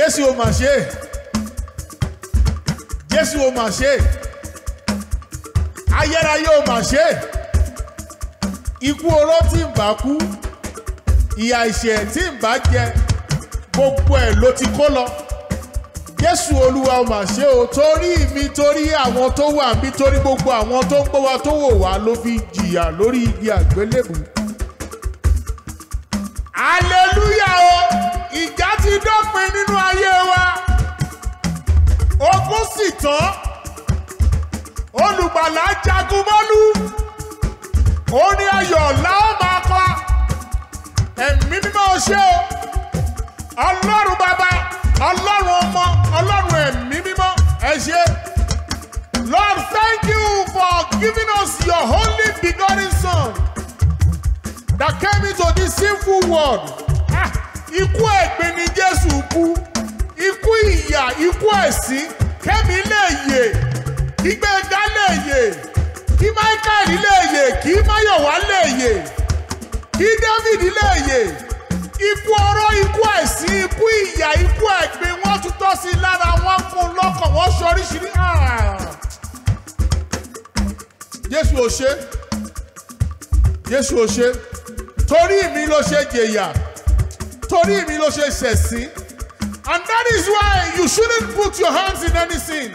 Jésù ò mà ṣe Jésù ò mà ṣe ayérayé ò mà ṣe ikú oró tí ń bá kú ìyà ìṣẹ̀ tí ń bá jẹ gbogbo ẹ̀ ló ti kó lọ jésù olúwa ò mà ṣe o torí mi torí àwọn tó wà mí torí gbogbo àwọn tó ń gbọ́ wa tó wò wá ló fi jìyà lórí igi àgbélébùú pin nínú ayé wa ogún sì tán olùgbàlà jagun mọ́lú òun ni ayọ̀ láwọn máa ẹ̀mí mímọ́ ṣe ọlọ́run bàbá ọlọ́run ọmọ ọlọ́run ẹ̀mí mímọ́ ẹ Lord, thank you for giving us your holy begotten Son that came into this sinful world ikú ègbé ni Jésù kú ikú ìyà ikú ẹ̀sín kẹ́mi lè yè kí Gbénga lè yè kí Michael lè yè kí Máyọ̀wá lè yè kí David lè yè ikú ọ̀rọ̀ ikú ẹ̀sín ikú ìyà ikú ègbé wọ́n tún tọ́ sí i lára wọ́n kún lọ́kàn wọ́n ṣoríṣiríṣi. Jésù ò ṣe Jésù ò ṣe torí mi ló ṣe jèyà torí mi ló ṣe ṣẹ̀sìn and that is why you shouldn't put your hands in anything.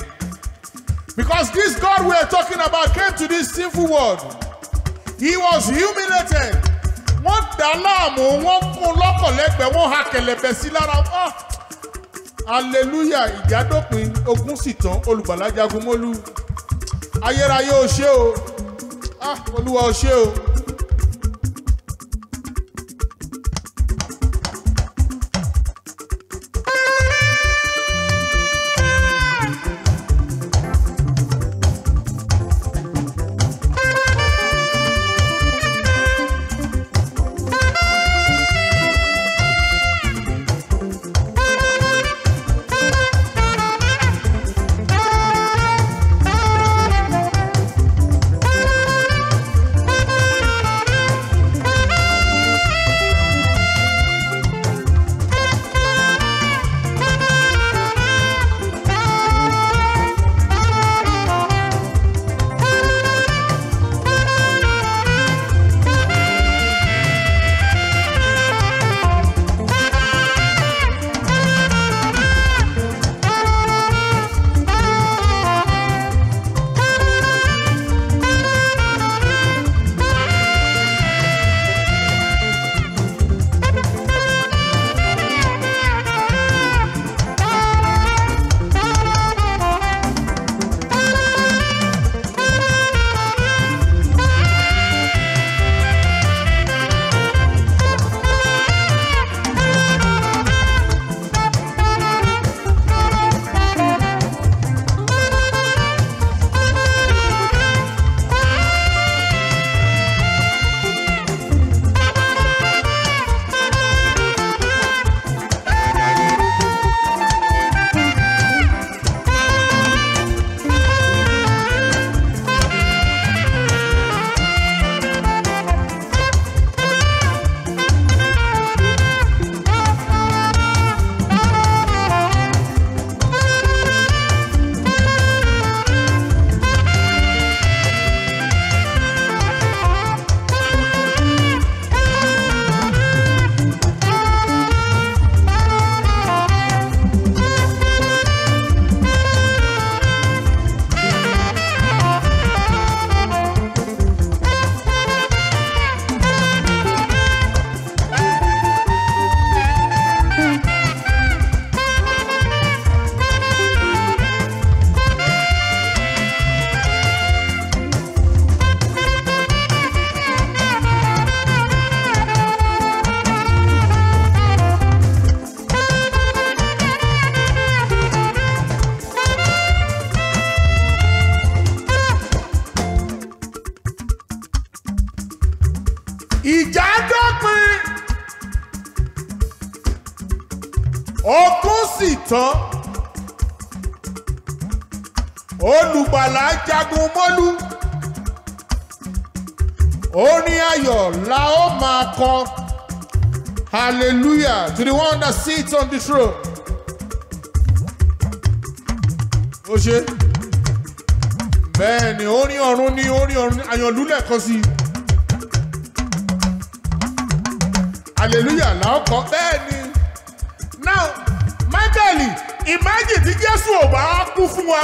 because this God we are talking about came to this sinful world he was humiliated wọ́n dà láàmú wọ́n fún un lọ́kọ̀lẹ́gbẹ̀ẹ́ wọ́n ha kẹ̀lẹ̀bẹ̀ sí lára ah! hallelujah ìjádópin ogun sì tán olùgbàlà ayérayé o ah! ṣé o olúwa o ṣé o. tán. olùgbàlà jagun mọ́lú orin ayọ̀ la ó máa kọ hallelujah to the one that sits on the throne. ó ṣe bẹ́ẹ̀ ni orin ọ̀run ni orin ọ̀run àyànlúlẹ̀ kan sí hallelujah la ó kọ bẹ́ẹ̀. Imagine tí Jésù ò bá kú fún wa.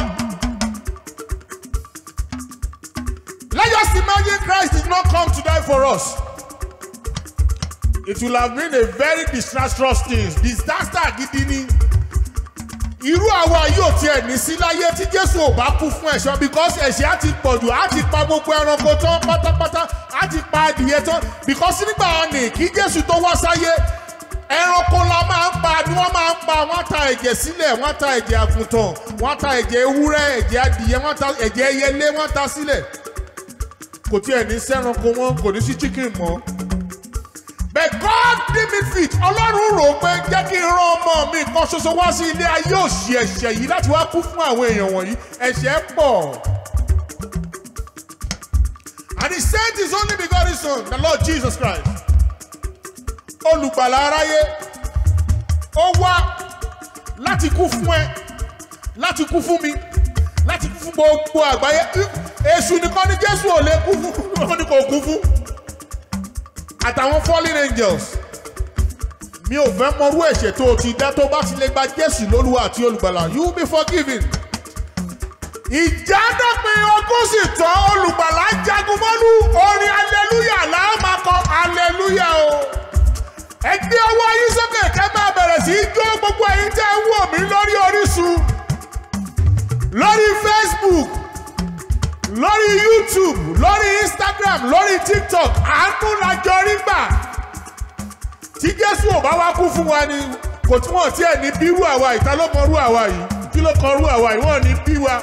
Let us imagine Christ did not come to die for us. It will have been a very disastrous thing. Disaster gidi ni. Irú àwa yóò tiẹ̀ ní sí láyé tí Jésù ò bá kú fún ẹ̀ṣọ́ because ẹ̀ṣẹ̀ á ti pọ̀jù á ti pa gbogbo ẹranko tán pátápátá á ti pa adìyẹ tán because nígbà ní kí Jésù tó wá sáyé ẹranko la máa ń pa ni wọ́n máa ń pa wọ́n ta ẹ̀jẹ̀ sílẹ̀ wọ́n ta ẹ̀jẹ̀ àgùntàn wọ́n ta ẹ̀jẹ̀ ewúrẹ́ ẹ̀jẹ̀ adìyẹ wọ́n ta ẹ̀jẹ̀ ẹyẹlé wọ́n ta sílẹ̀ kò tiẹ̀ ní sẹ́ranko wọn kò ní sí chicken mọ́ but God give me fit ọlọ́run rò pé jẹ́ kí n rán ọmọ mi kan ṣoṣo wá sí ilé ayé òṣì ẹ̀ṣẹ̀ yìí láti wá kú fún àwọn èèyàn wọ̀nyí ẹ̀ṣẹ̀ pọ̀ and he said, his only begotten son the Lord Jesus Christ olùgbàlà aráyé ó wá láti kú fún ẹ láti kú fún mi láti kú fún gbogbo àgbáyé èṣù nìkan ni jésù ò lè kú fún wọn ni kò kú fún àtàwọn fallen angels mi ò fẹ́ mọrú ẹ̀ṣẹ̀ tó o ti dá tó bá ti lè gba jésù lólúwa àti olùgbàlà you will be forgiven ìjádọ́pin ogún sì tán olùgbàlà jagunmọ́lú orin aleluya làá máa kọ aleluya o. Oh ẹ gbé ọwọ́ yín sókè kẹ́ máa bẹ̀rẹ̀ sí í jó gbogbo ẹ̀yin tẹ́ ń wò mí lórí Orísun lórí Facebook lórí YouTube lórí Instagram lórí TikTok àánú lajọ rí gbà tí Jésù ò bá wá kú fún wa ni kò tí wọ́n tiẹ̀ ní bírú àwa yìí ta ló mọ rú àwa yìí kí ló kọ rú àwa yìí wọ́n ní bí wa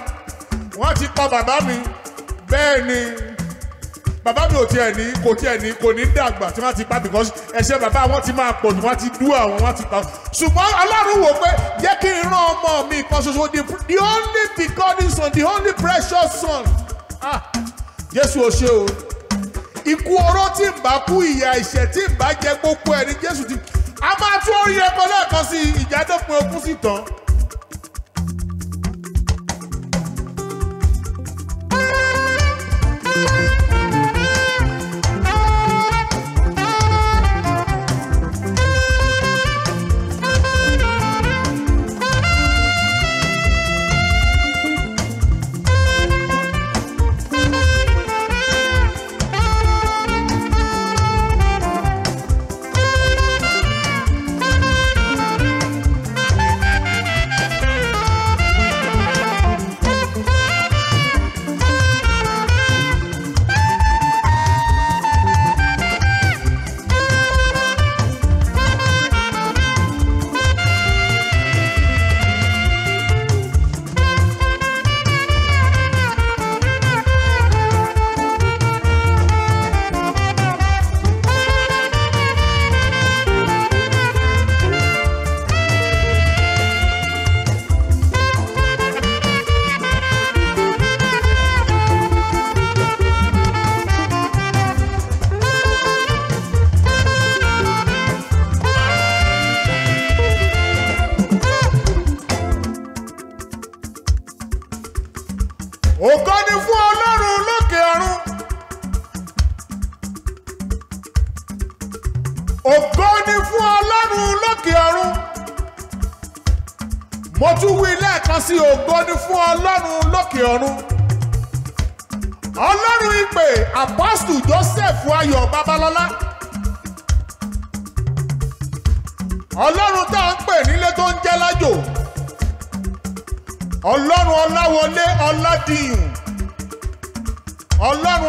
wọ́n ti kọ bàbá mi bẹ́ẹ̀ ni bàbá mi ò tiẹ̀ ní kò tiẹ̀ ní kò ní dàgbà tí wọ́n ti pa because ẹ̀ṣẹ̀ bàbá wọn ti máa pọ̀ jù wọ́n ti dú àwọn wọ́n ti pa. ṣùgbọ́n Ọlọ́run wò pé jẹ́ kí n rán ọmọ mi kan ṣoṣo the only begotten son the only precious son. Ah, Jésù o ṣé o ikú oró tí ń bá kú ìyà ìṣẹ́ tí ń bá jẹ gbogbo ẹni Jésù ti a máa tún orí ẹbọ lẹ́ẹ̀kan sí ìjádópin ogún sí tán. thank you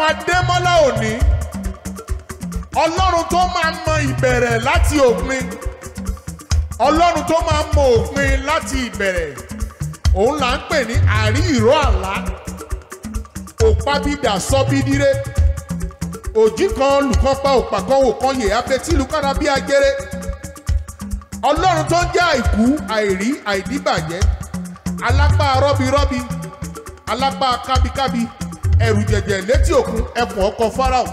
ọlọ́run adémọ́lá òní ọlọ́run tó máa mọ ìbẹ̀rẹ̀ láti òpin ọlọ́run tó máa mọ òpin láti ìbẹ̀rẹ̀ òun là ń pè ní àrí ìró àlá òpábídà sọ́bídíré òjì kan olùkan pa òpàkan òkan yè abẹ́tí lukara bí agéré ọlọ́run tó ń jẹ́ àìkú àìrí àìdíbàjẹ́ alápá rọ́birọ́bi alápá kábíkábí. Kabi, kabi ẹrù jẹ̀jẹ̀ létí òkun ẹkùn ọkọ̀ Pharaoh.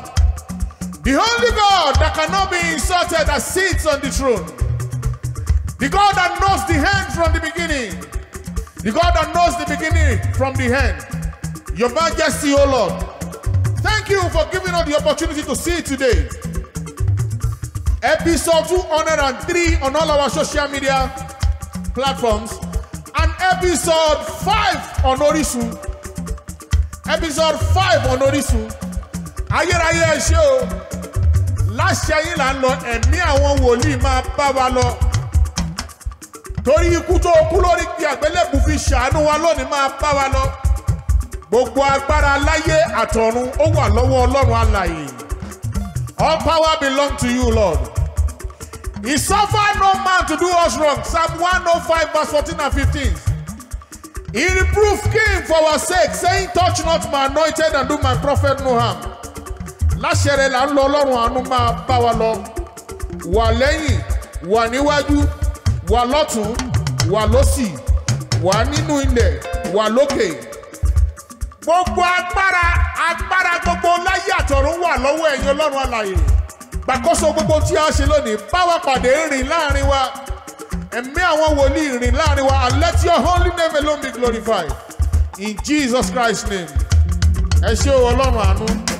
The Holy God that cannot be insulted that sits on the throne. The God that knows the end from the beginning. The God that knows the beginning from the end. Your majesty, O Lord. Thank you for giving us the opportunity to see today. Episode two, and three on all our social media platforms and episode five on Orisun episode five ọ̀nà Orísun ayérayé ẹ ṣé o láṣẹ yín là ń lọ ẹ̀mí àwọn wòlíì máa bá wa lọ torí ikú tó kú lórí igi àgbélébù fi ṣàánú wa lónìí máa bá wa lọ gbogbo agbára láyé àtọ̀run ó wà lọ́wọ́ Ọlọ́run alààyè all power belong to you Lord he suffered no man to do us wrong Psalm one oh five verse fourteen and fifteen. He reproved came for our sake, saying, Touch not my anointed and do my prophet no harm. Láṣẹ rẹ̀ là ń lọ ọlọ́run àánú máa bá wa lọ. Wà lẹ́yìn, wà níwájú, wà lọ́tún, wà lọ́sì, wà nínú ilẹ̀, wà lókè. Gbogbo agbára agbára gbogbo láyé àtọ̀run wà lọ́wọ́ ẹ̀yin ọlọ́run alààyè. Gbàkóso gbogbo tí a ṣe lónìí bá wa pàdé rìn láàrin wa ẹ̀mí àwọn wòlíì rìn láàrin wa and let your holy name alone be glorified in Jesus Christ's name ẹ ṣé o ọlọ́run àánú.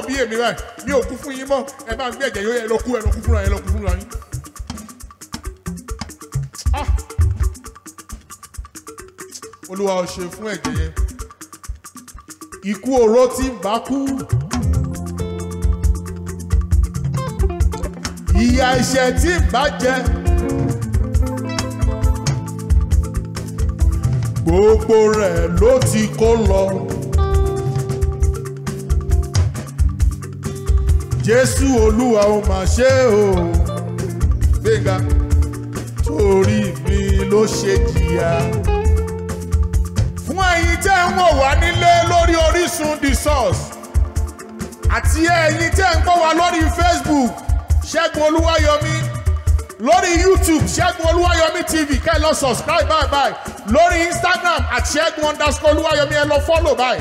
náà bí èmi rẹ̀ mi ò kú fún yín mọ́ ẹ bá gbé ẹ̀jẹ̀ yóò ẹ lọ kú ẹ lọ kú fúnra ẹ lọ kú fúnra yín. Ah! olúwa ò ṣe fún ẹ̀jẹ̀ yẹn ikú oró tí ń bá kú ìyà ẹ̀ṣẹ̀ tí ń bá gbogbo rẹ̀ ló ti kó lọ. jésù olúwa ó máa ṣe o gbẹ̀ngà torí mi ló ṣe jìyà. fún ẹ̀yin tẹ́ ń wò wá nílé lórí Orísun The Source àti ẹ̀yin tẹ́ ń gbọ́ wá lórí Facebook ṣẹ́gun olúwayọ̀mí lórí YouTube ṣẹ́gun olúwayọ̀mí TV kẹ́ ẹ lọ subscribe bye bye lórí Instagram àti ṣẹ́gun underscore olúwayọ̀mí ẹ lọ follow bye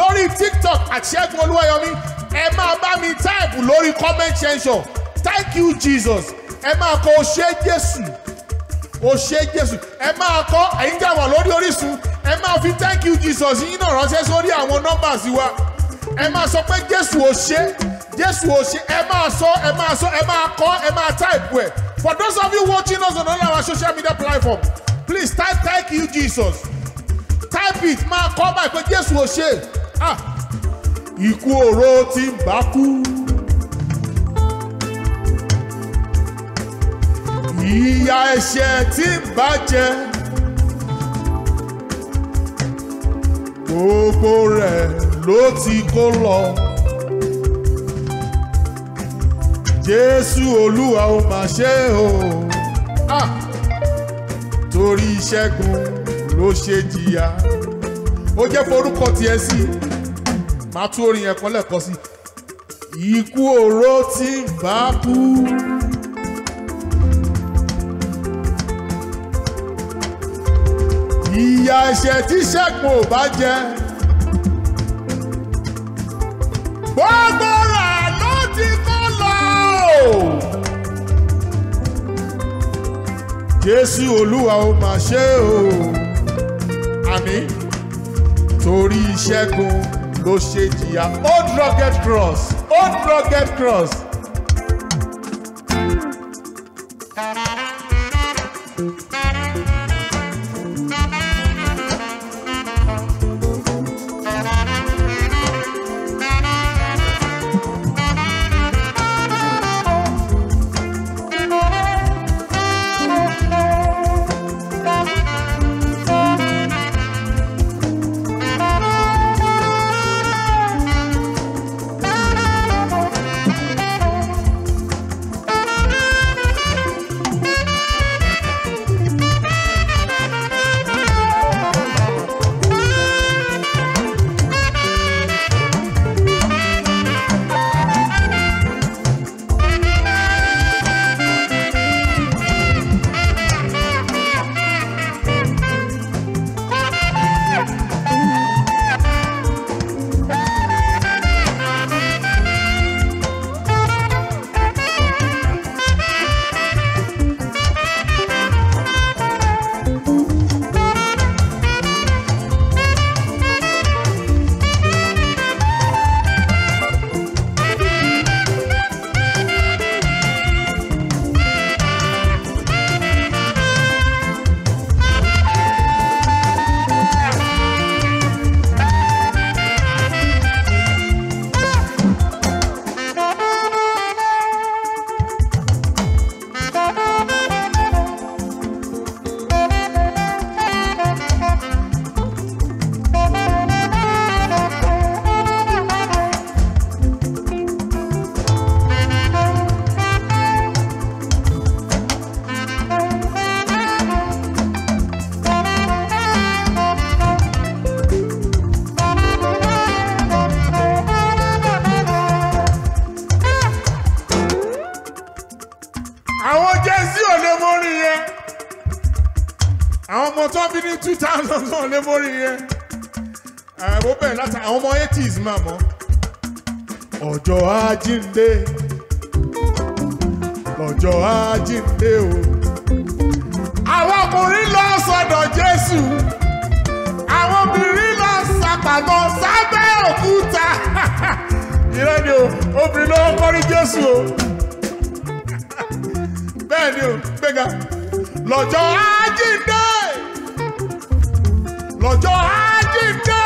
lórí TikTok àti ṣẹ́gun olúwayọ̀mí ẹ máa bá mi táìpù lórí comment section thank you jesus ẹ máa kọ o ṣé jésù o ṣé jésù ẹ máa kọ ẹ̀yin tí a wà lórí Orísun ẹ máa fi thank you jesus yín náà ránṣẹ́ sórí àwọn numbers wa ẹ máa sọ pé jésù o ṣé jésù o ṣé ẹ máa sọ ẹ máa sọ ẹ máa kọ ẹ máa táìpù ẹ for those of you watching us on all our social media platforms please type thank you jesus type it máa kọ báyìí pé jésù o ṣé ah ikú oró tí ń bá kú. ìyà ẹ̀ṣẹ̀ tí ń bá jẹ. gbogbo rẹ̀ ló ti kó lọ. jésù olúwa ó máa ṣe o. Ah! torí ìṣẹ́gun ló ṣe jìyà ó jẹ́ forúkọ tiẹ̀ sí i màá tú orin yẹn kan lẹ́ẹ̀kan sí ikú oró tí ń bá kú. ìyà ẹ̀ṣẹ̀ tí ṣẹ́gun ò bá jẹ. gbogbo ló ti kọ́ lọ. jésù olúwa ó máa ṣe o àmín torí ṣẹ́gun ló ṣe jìyà old rugged cross old rugged cross fórí yẹn àwọn bẹ̀rẹ̀ láti àwọn ọmọ eighties máa mọ̀ ọjọ́ àjíǹde ọjọ́ àjíǹde o àwọn ọkùnrin lọ sọ́dọ̀ Jésù àwọn obìnrin lọ sàpàtọ̀ sábẹ́ òkúta ìrẹ́ ni o obìnrin ló ń kọrí Jésù o bẹ́ẹ̀ ni o gbẹ̀gà lọ́jọ́ àjíǹde lọ́jọ́ àjíǹde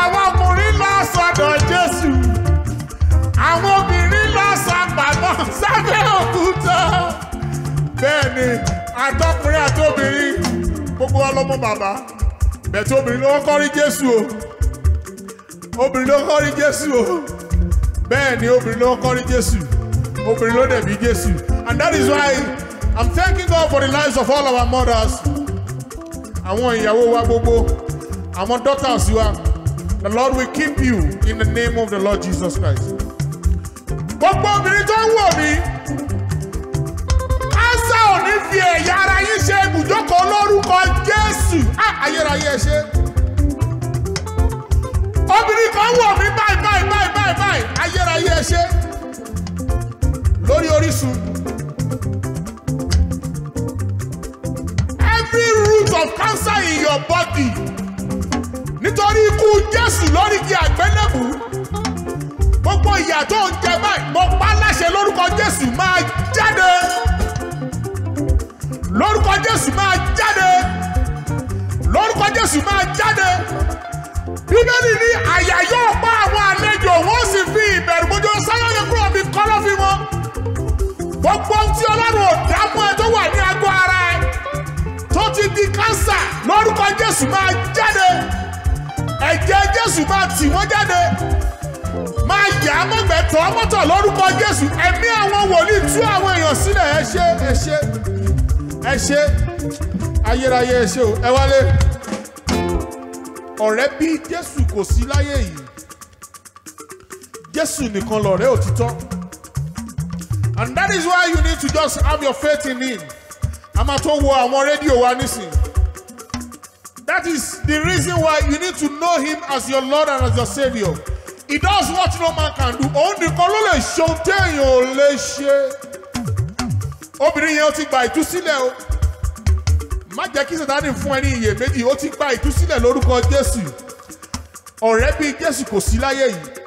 àwọn ọkùnrin lọ sọ́dọ̀ Jésù àwọn obìnrin lọ sàpàmọ́ sábẹ́ òkúta bẹ́ẹ̀ ni àtọkùnrin àtobìnrin gbogbo ọlọ́mọ bàbá bẹ́ẹ̀ tí obìnrin ló kọ́kọ́ rí Jésù o obìnrin ló kọ́kọ́ rí Jésù o bẹ́ẹ̀ ni obìnrin ló kọ́kọ́ rí Jésù obìnrin ló dẹ̀ bí Jésù and that is why I'm thanking God for the lives of all our mothers àwọn ìyàwó wa gbogbo àwọn daughters wa the Lord will keep you in the name of the Lord Jesus Christ. gbogbo obìnrin tó ń wò mí ásà ò ní fi ẹ̀yà ara yín ṣe ibùjókòó lórúkọ Jésù ayérayé ẹ ṣe. obìnrin kan wò mí báyìí báyìí báyìí báyìí báyìí ayérayé ẹ ṣe lórí Orísun. every of cancer in your body nítorí ikú Jésù lórí igi àgbélébù gbogbo ìyà tó ń jẹ báyìí mo pa láṣẹ lórúkọ Jésù máa jáde lórúkọ Jésù máa jáde lórúkọ Jésù máa jáde bíbélì ní àyà yóò pa àwọn àlejò wọn sì fi ìbẹ̀rù bójú sáyọ́lẹ̀ kúrò bí kọ́lọ́fín wọn gbogbo ohun tí Ọlọ́run ò dá mọ́ ẹ tó wà ní agbó ara ẹ tó ti di kánsà lórúkọ jésù máa jáde ẹ̀jẹ̀ jésù máa tì wọ́n jáde máa yà á mọ̀gbẹ́tọ̀ mọ́tọ̀ lórúkọ jésù ẹ̀mí àwọn wòlíì tú àwọn èèyàn sílẹ̀ ẹ ṣé ẹ ṣé ẹ ṣé ayérayé ẹ ṣé o ẹ wálé ọ̀rẹ́ bí jésù kò sí láyé yìí jésù nìkan lọ̀rẹ́ òtítọ́ and that is why you need to just have your faith in him a máa tó wo àwọn rédíò wa nísìn. That is the reason why you need to know him as your Lord and as your saviour. He does what no man can do. Òun nìkan ló lè ṣeun téèyàn ò lè ṣe. Obìnrin yẹn ó ti gba ìtúsílẹ̀ o. Má jẹ́ kí Sátánì fún ẹ ní ó ti gba ìtúsílẹ̀ lórúkọ Jésù. Ọ̀rẹ́ bíi Jésù kò sí láyé yìí.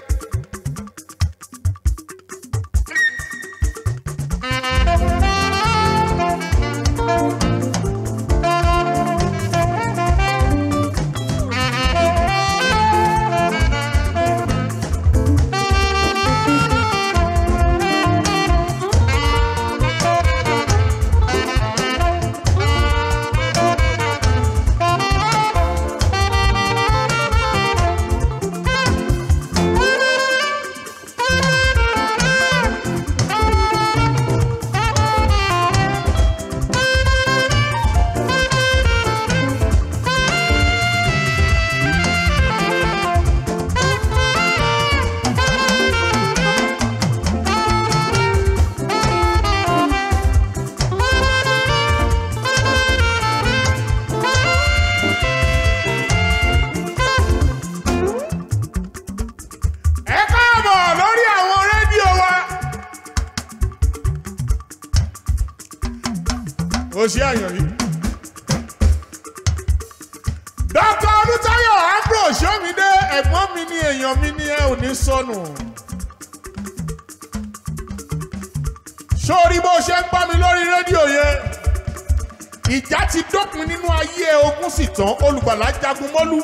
òṣì àyànrí. dókítà olùtayọ̀ ambro ṣọ́mídé ẹ̀gbọ́n mi ni èèyàn mi ni ẹ ò ní sọnù. sórí bó ṣe ń gbá mi lórí rédíò yẹn ìjà ti dópin nínú ayé ogun sì tán olùgbàlà jagun mọ́lú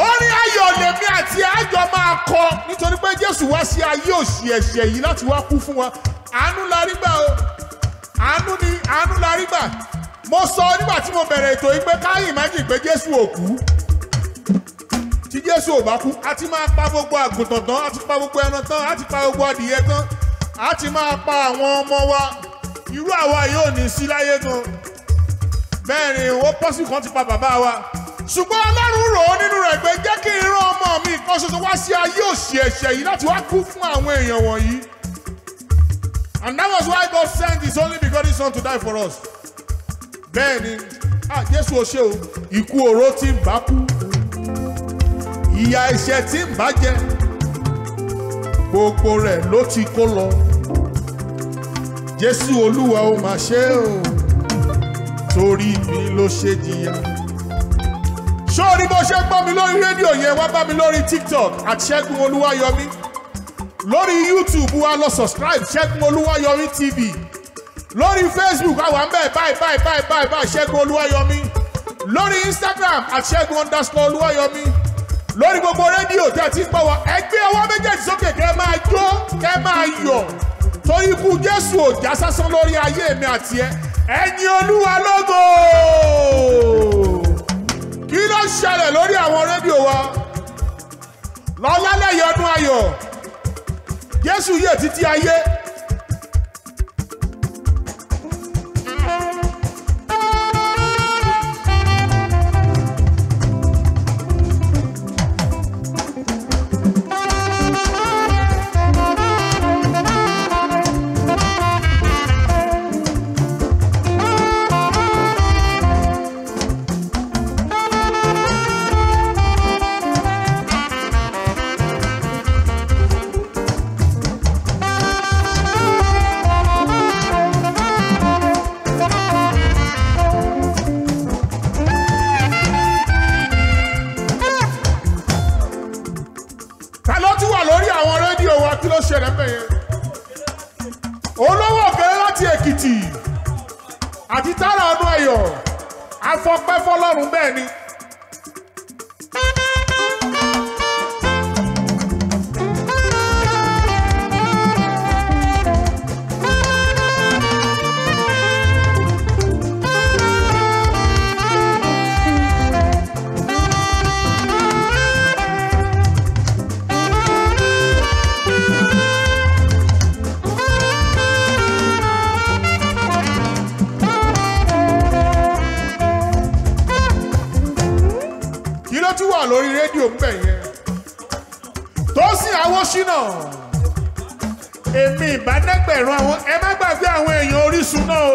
orin ayọ̀ lèmi àti àjọ máa kọ nítorí pé jésù wá sí ayé òṣì ẹ̀ṣẹ̀ yìí láti wá kú fún wa àánú la rí gbà o àánú ni àánú la rí gbà mo sọ nígbà tí mo bẹ̀rẹ̀ ètò yìí pé káyìn má pé jésù ò kú tí jésù ò bá kú a ti máa pa gbogbo àgùntàn tán a ti pa gbogbo ẹran tán a ti pa gbogbo adìyẹ tán a ti máa pa àwọn ọmọ wa irú àwa yóò ní sí láyé gan mẹ́rin ó pọ́sì kan ti pa bàbá wa ṣùgbọ́n ọlọ́run rò ó nínú rẹ̀ pé jẹ́ kí n rán ọmọ mi kan ṣoṣo wá sí ayé òṣì yìí láti wá kú fún àwọn èèyàn wọ̀nyí And that was why God sent his only begotten son to die for us. Bẹ́ẹ̀ni, ah Jésù ò ṣe o, ikú oró tí ń bá kú, ìyà ẹ̀ṣẹ̀ tí ń bá jẹ, gbogbo rẹ̀ ló ti kó lọ. Jésù Olúwa ó máa ṣe o, torí mi ló ṣe jìyà. Ṣé o rí bó ṣe gbọ́ mi lórí rédíò yẹn wá bá mi lórí TikTok àti Ṣẹ́gun yomi lórí youtube wa lọ subscribe ṣẹ́gun olúwayọ̀mí tv lórí facebook àwa ń bẹ̀ báyìí báyìí báyìí báyìí báyìí ṣẹ́gun olúwayọ̀mí lórí instagram at ṣẹ́gun underscore olúwayọ̀mí lórí gbogbo rédíò tí a ti ń gbọ́ wa ẹ gbé ọwọ́ méjèèjì sókè kẹ́ ẹ máa jó kẹ́ ẹ máa yọ̀ torí ikú jésù ò já sásán lórí ayé mi àti ẹ ẹ̀yin olúwa lógo kí ló ń ṣẹlẹ̀ lórí àwọn rédíò wa lọ́lálẹ́yọdún ayọ̀. Jésù yè títí ayé. lórí rédíò ń bẹ̀ yẹn Tósìn Awóṣínà èmi ìbádẹ́gbẹ̀rún àwọn ẹ má gbàgbé àwọn èèyàn Orísun náà o.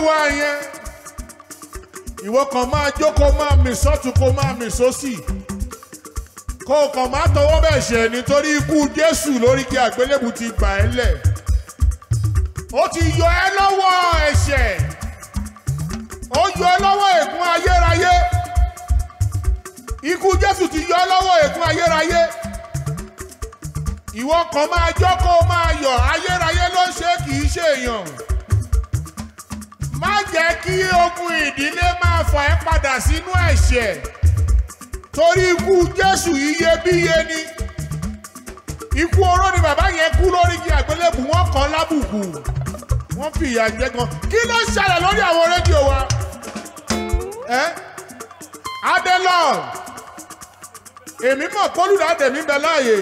wá yẹn ìwọ kan máa jókòó máa mì sọ́tún kó máa mì sósì kó o kàn máa tọwọ́ bẹ̀ ṣẹ̀ nítorí ikú Jésù lórí kí àgbélébù ti gbà ẹ́ lẹ̀ ó ti yọ ẹ́ lọ́wọ́ ẹ̀ṣẹ̀ ó yọ ẹ́ lọ́wọ́ ègún ayérayé ikú Jésù ti yọ ẹ́ lọ́wọ́ ègún ayérayé ìwọ kan máa jókòó máa yọ̀ ayérayé ló ń ṣe kì í ṣe èèyàn jẹ́ kí ogun ìdílé máa fà ẹ́ padà sínú ẹ̀ṣẹ̀ torí ikú Jésù iyebíye ni ikú oró ni bàbá yẹn kú lórí igi àgbélébù wọ́n kàn lábùkù wọ́n fi ìyà jẹ gan kí ló ṣẹlẹ̀ lórí àwọn rédíò wa ẹ́ Adelon èmi mọ̀ kólúdà tèmi bẹ láàyè.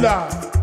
Babylon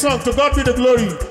song. To God be the glory.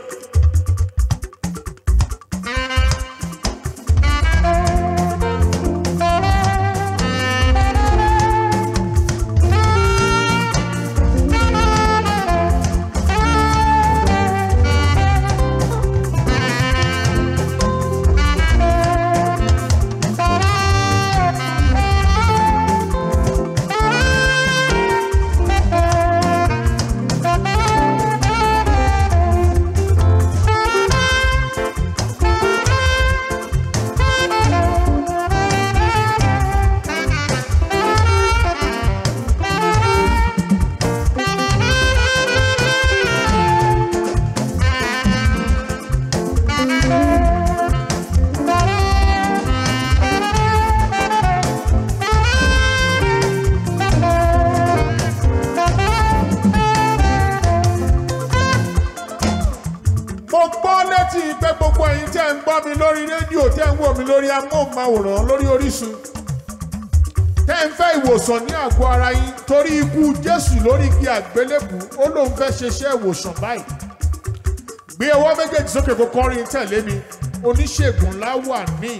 àwòrán lórí Orísun tẹ́ ń fẹ́ ìwòsàn ní àgọ́ ara yín torí ikú Jésù lórí igi àgbélébù ó lóun fẹ́ ṣeṣẹ́ ìwòsàn báyìí gbé ọwọ́ méjèèjì sókè kó kọrin tẹ̀lé mi oníṣègùn láwà níyì.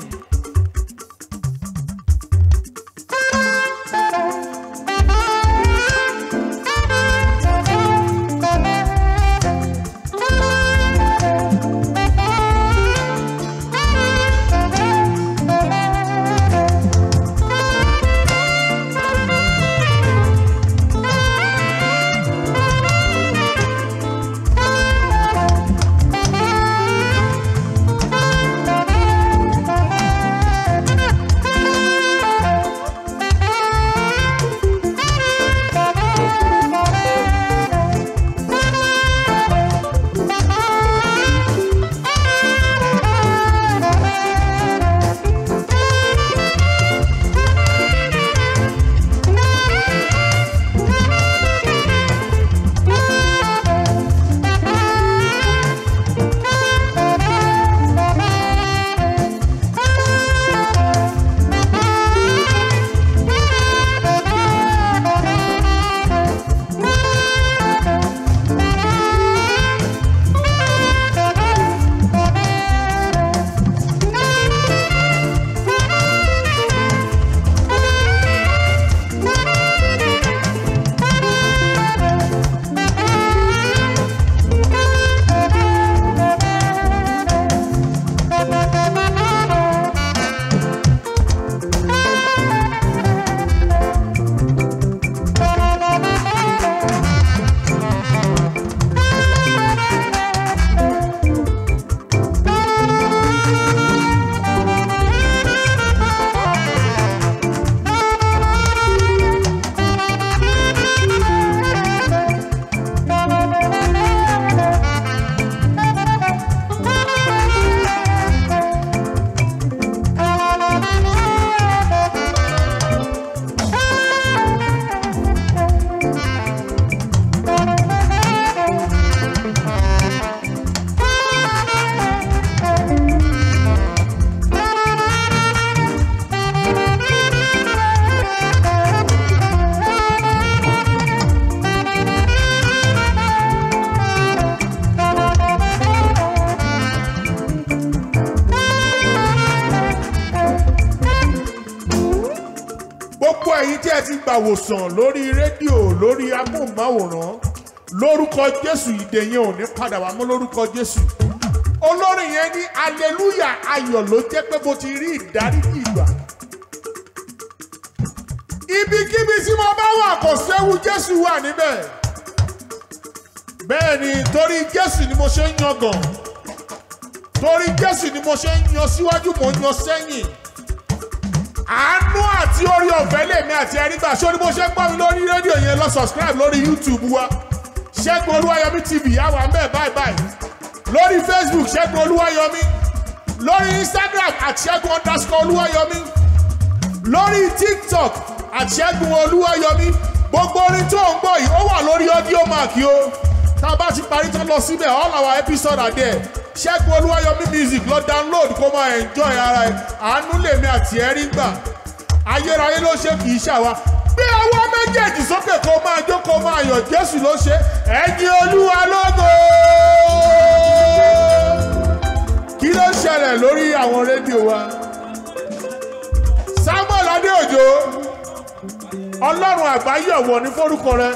gbàwòsàn lórí rédíò lórí amóhùnmáwòrán lórúkọ jésù ìdè yẹn ò ní padà wá mọ́ lórúkọ jésù olórin yẹn ní aleluya ayọ̀ ló jẹ́ pé mo ti rí ìdáríjì ìgbà ibikíbi tí mo bá wà kò séwu jésù wà níbẹ̀ bẹ́ẹ̀ ni torí jésù ni mo ṣe ń yangàn torí jésù ni mo ṣe ń yan síwájú mo ń yan sẹ́yìn àánú àti orí ọ̀fẹ́ lèmi àti ẹ̀rígbà ṣó ni mo ṣe ń gbọ́ mi lórí rédíò yẹn lọ subscribe lórí YouTube wa Ṣẹ́gun Olúwayọ̀mí TV àwa ń bẹ̀ báyìí báyìí lórí Facebook Ṣẹ́gun Olúwayọ̀mí lórí Instagram àti Ṣẹ́gun underscore Olúwayọ̀mí lórí TikTok àti Ṣẹ́gun Olúwayọ̀mí gbogbo orin tó ń gbọ́ yìí ó wà lórí audio mark yìí o tá a bá ti parí tán lọ síbẹ̀ all our episode are there ṣẹ́gun olúwayọ̀mí music lọ download kó máa enjoy ara ẹ̀ àánú lèmi àti ẹ̀rí gbà ayérayé ló ṣe kì í ṣàwa gbé ọwọ́ méjèèjì sókè kó máa jó kó máa yọ̀ jésù ló ṣe ẹ̀yin olúwa lógo kí ló ṣẹlẹ̀ lórí àwọn rédíò wa samuel adéòjò ọlọ́run àgbáyé ọ̀wọ̀ ní forúkọ rẹ̀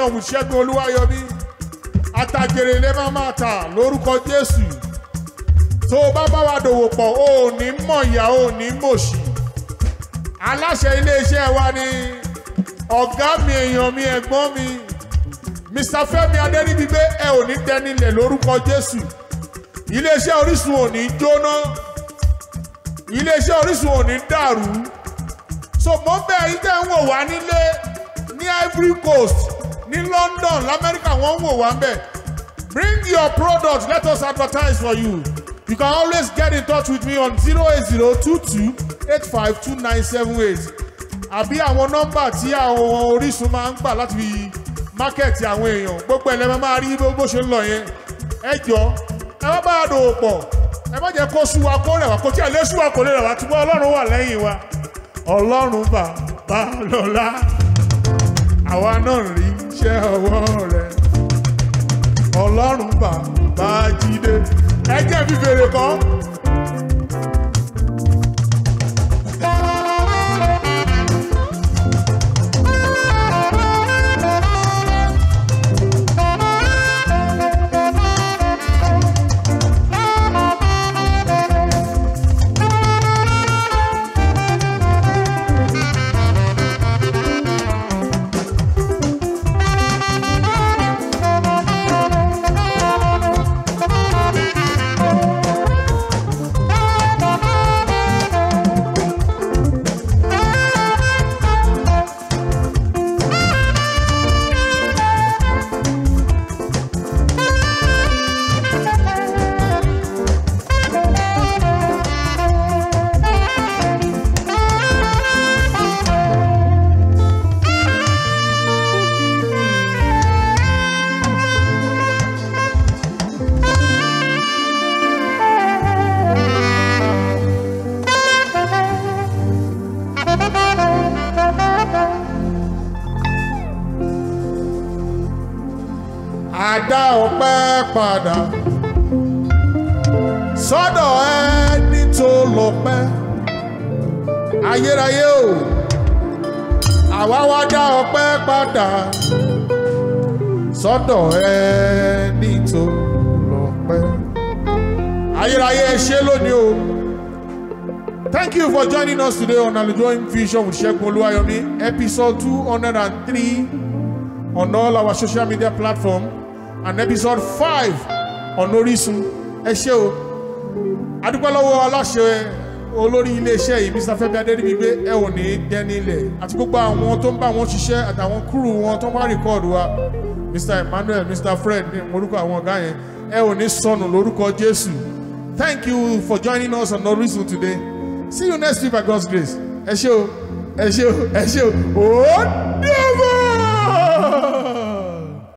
connection with Ṣẹ́gun Olúwayọ̀mí àtàjèrè lè má má tà lórúkọ Jésù tó o bá bá wa dòwò pọ̀ o ò ní mọ̀ ìyà o ò ní mòṣì aláṣẹ iléeṣẹ́ wa ni ọ̀gá mi èèyàn mi ẹ̀gbọ́n mi Mr. Fẹ́mi Adéníbígbé ẹ ò ní tẹnilẹ̀ lórúkọ Jésù iléeṣẹ́ Orísun ò ní jóná iléeṣẹ́ Orísun ò ní dàrú so mo bẹ̀ yín tẹ́ ń wò wá nílé ní Ivory Coast ní London lamẹ́ríkà wọ́n ń wò wá ń bring your product let us advertise for you you can always get in touch with me on zero eight zero two two eight five two nine seven eight àbí àwọn nọ́mbà tí àwọn Orísun máa ń gbà láti fi mákẹ́ẹ̀tì àwọn èèyàn gbogbo ẹ̀lẹ́ máa rí bó ṣe ń lọ yẹn ẹ jọ ẹ má bá a dòwò pọ̀ ẹ má jẹ́ kó sú wa kó rẹwà kó tí àlẹ́ sú wa kó lè rẹwà túbọ̀ Ọlọ́run wà lẹ́yìn wa Ọlọ́run bàbá lọ́lá àwa náà rí iṣẹ́ ọwọ́ rẹ̀ ọlọ́run bàbá jíde ẹ jẹ́ fífèrè kan. joining us today on Alidoing Vision with Shegun Oluwayomi, episode 203 on all our social media platform and episode 5 on Orisun. Ẹ ṣé o. Adúpẹ́ lọ́wọ́ aláṣẹ olórí iléeṣẹ́ yìí Mr. Fẹ́mi Adéríbigbé ẹ ò ní dẹ́ni ilẹ̀ àti gbogbo àwọn tó ń bá wọn ṣiṣẹ́ àtàwọn kúrú wọn tó ń bá rìkọ́ọ̀dù wa Mr. Emmanuel Mr. Fred ní orúkọ àwọn ọ̀gá yẹn ẹ ò ní sọnù lórúkọ Jésù. Thank you for joining us on Orisun today. See you next week by God's grace. Ẹ ṣé o, ẹ ṣé o, ẹ ṣé o.